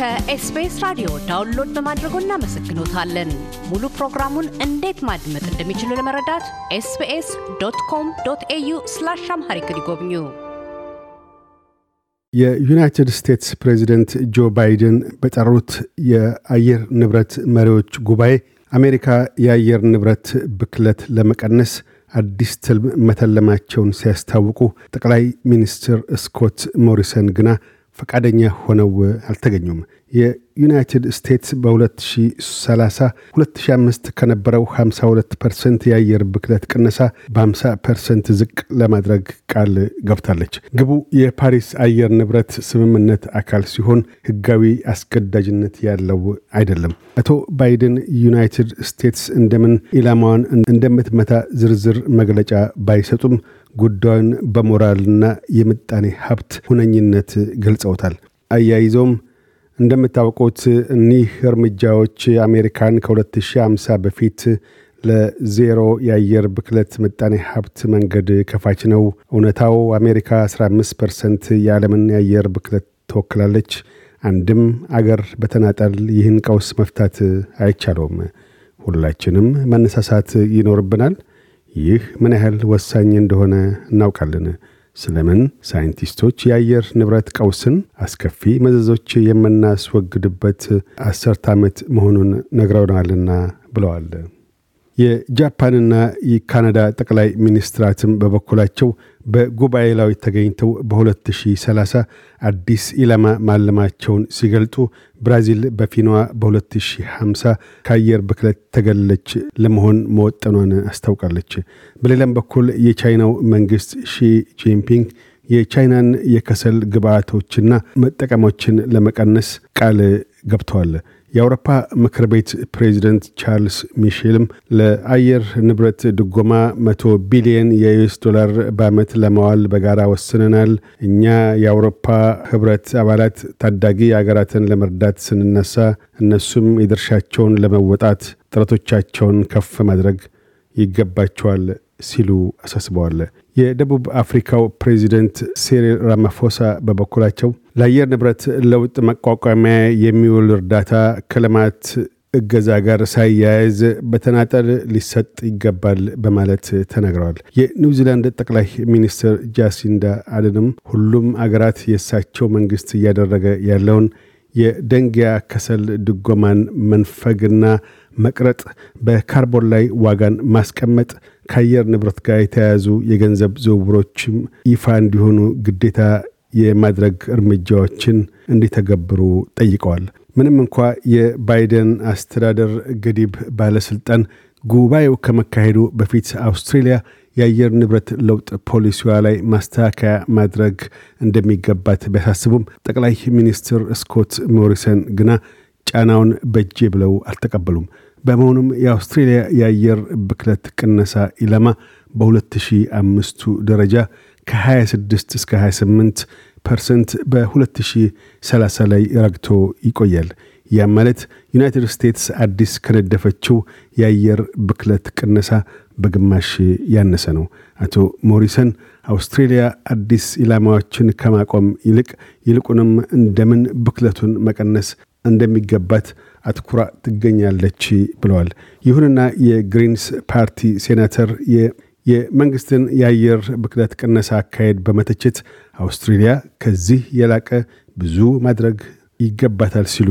ከኤስቢኤስ ራዲዮ ዳውንሎድ በማድረጎ እናመሰግኖታለን። ሙሉ ፕሮግራሙን እንዴት ማድመጥ እንደሚችሉ ለመረዳት ኤስቢኤስ ዶት ኮም ዶት ኤዩ ስላሽ አምሃሪክ ይጎብኙ። የዩናይትድ ስቴትስ ፕሬዚደንት ጆ ባይደን በጠሩት የአየር ንብረት መሪዎች ጉባኤ አሜሪካ የአየር ንብረት ብክለት ለመቀነስ አዲስ ትልም መተለማቸውን ሲያስታውቁ ጠቅላይ ሚኒስትር ስኮት ሞሪሰን ግና ፈቃደኛ ሆነው አልተገኙም። የዩናይትድ ስቴትስ በ2030 2005 ከነበረው 52 ፐርሰንት የአየር ብክለት ቅነሳ በ50 ፐርሰንት ዝቅ ለማድረግ ቃል ገብታለች። ግቡ የፓሪስ አየር ንብረት ስምምነት አካል ሲሆን ሕጋዊ አስገዳጅነት ያለው አይደለም። አቶ ባይደን ዩናይትድ ስቴትስ እንደምን ኢላማዋን እንደምትመታ ዝርዝር መግለጫ ባይሰጡም ጉዳዩን በሞራልና የምጣኔ ሀብት ሁነኝነት ገልጸውታል። አያይዞም እንደምታውቁት እኒህ እርምጃዎች አሜሪካን ከ2050 በፊት ለዜሮ የአየር ብክለት ምጣኔ ሀብት መንገድ ከፋች ነው። እውነታው አሜሪካ 15 ፐርሰንት የዓለምን የአየር ብክለት ትወክላለች። አንድም አገር በተናጠል ይህን ቀውስ መፍታት አይቻለውም። ሁላችንም መነሳሳት ይኖርብናል። ይህ ምን ያህል ወሳኝ እንደሆነ እናውቃለን። ስለምን ሳይንቲስቶች የአየር ንብረት ቀውስን አስከፊ መዘዞች የምናስወግድበት አሰርት ዓመት መሆኑን ነግረውናልና ብለዋል። የጃፓንና የካናዳ ጠቅላይ ሚኒስትራትም በበኩላቸው በጉባኤ ላይ ተገኝተው በ2030 አዲስ ኢላማ ማለማቸውን ሲገልጡ ብራዚል በፊኗ በ2050 ከአየር ብክለት ተገለች ለመሆን መወጠኗን አስታውቃለች። በሌላም በኩል የቻይናው መንግስት ሺ ጂንፒንግ የቻይናን የከሰል ግብዓቶችና መጠቀሞችን ለመቀነስ ቃል ገብተዋል። የአውሮፓ ምክር ቤት ፕሬዚደንት ቻርልስ ሚሼልም ለአየር ንብረት ድጎማ መቶ ቢሊየን የዩኤስ ዶላር በዓመት ለማዋል በጋራ ወስነናል። እኛ የአውሮፓ ህብረት አባላት ታዳጊ አገራትን ለመርዳት ስንነሳ እነሱም የድርሻቸውን ለመወጣት ጥረቶቻቸውን ከፍ ማድረግ ይገባቸዋል ሲሉ አሳስበዋል። የደቡብ አፍሪካው ፕሬዚደንት ሴሪል ራማፎሳ በበኩላቸው ለአየር ንብረት ለውጥ መቋቋሚያ የሚውል እርዳታ ከልማት እገዛ ጋር ሳያያዝ በተናጠል ሊሰጥ ይገባል በማለት ተናግረዋል። የኒውዚላንድ ጠቅላይ ሚኒስትር ጃሲንዳ አድንም ሁሉም አገራት የእሳቸው መንግስት እያደረገ ያለውን የደንጊያ ከሰል ድጎማን መንፈግና መቅረጥ፣ በካርቦን ላይ ዋጋን ማስቀመጥ፣ ከአየር ንብረት ጋር የተያያዙ የገንዘብ ዝውውሮችም ይፋ እንዲሆኑ ግዴታ የማድረግ እርምጃዎችን እንዲተገብሩ ጠይቀዋል። ምንም እንኳ የባይደን አስተዳደር ገዲብ ባለስልጣን ጉባኤው ከመካሄዱ በፊት አውስትሬሊያ የአየር ንብረት ለውጥ ፖሊሲዋ ላይ ማስተካከያ ማድረግ እንደሚገባት ቢያሳስቡም ጠቅላይ ሚኒስትር ስኮት ሞሪሰን ግና ጫናውን በጄ ብለው አልተቀበሉም። በመሆኑም የአውስትሬልያ የአየር ብክለት ቅነሳ ኢላማ በ2005ቱ ደረጃ ከ26 እስከ 28 ፐርሰንት በ2030 ላይ ረግቶ ይቆያል። ያም ማለት ዩናይትድ ስቴትስ አዲስ ከነደፈችው የአየር ብክለት ቅነሳ በግማሽ ያነሰ ነው። አቶ ሞሪሰን አውስትሬልያ አዲስ ኢላማዎችን ከማቆም ይልቅ ይልቁንም እንደምን ብክለቱን መቀነስ እንደሚገባት አትኩራ ትገኛለች ብለዋል። ይሁንና የግሪንስ ፓርቲ ሴናተር የመንግስትን የአየር ብክለት ቅነሳ አካሄድ በመተቸት አውስትሬልያ ከዚህ የላቀ ብዙ ማድረግ ይገባታል ሲሉ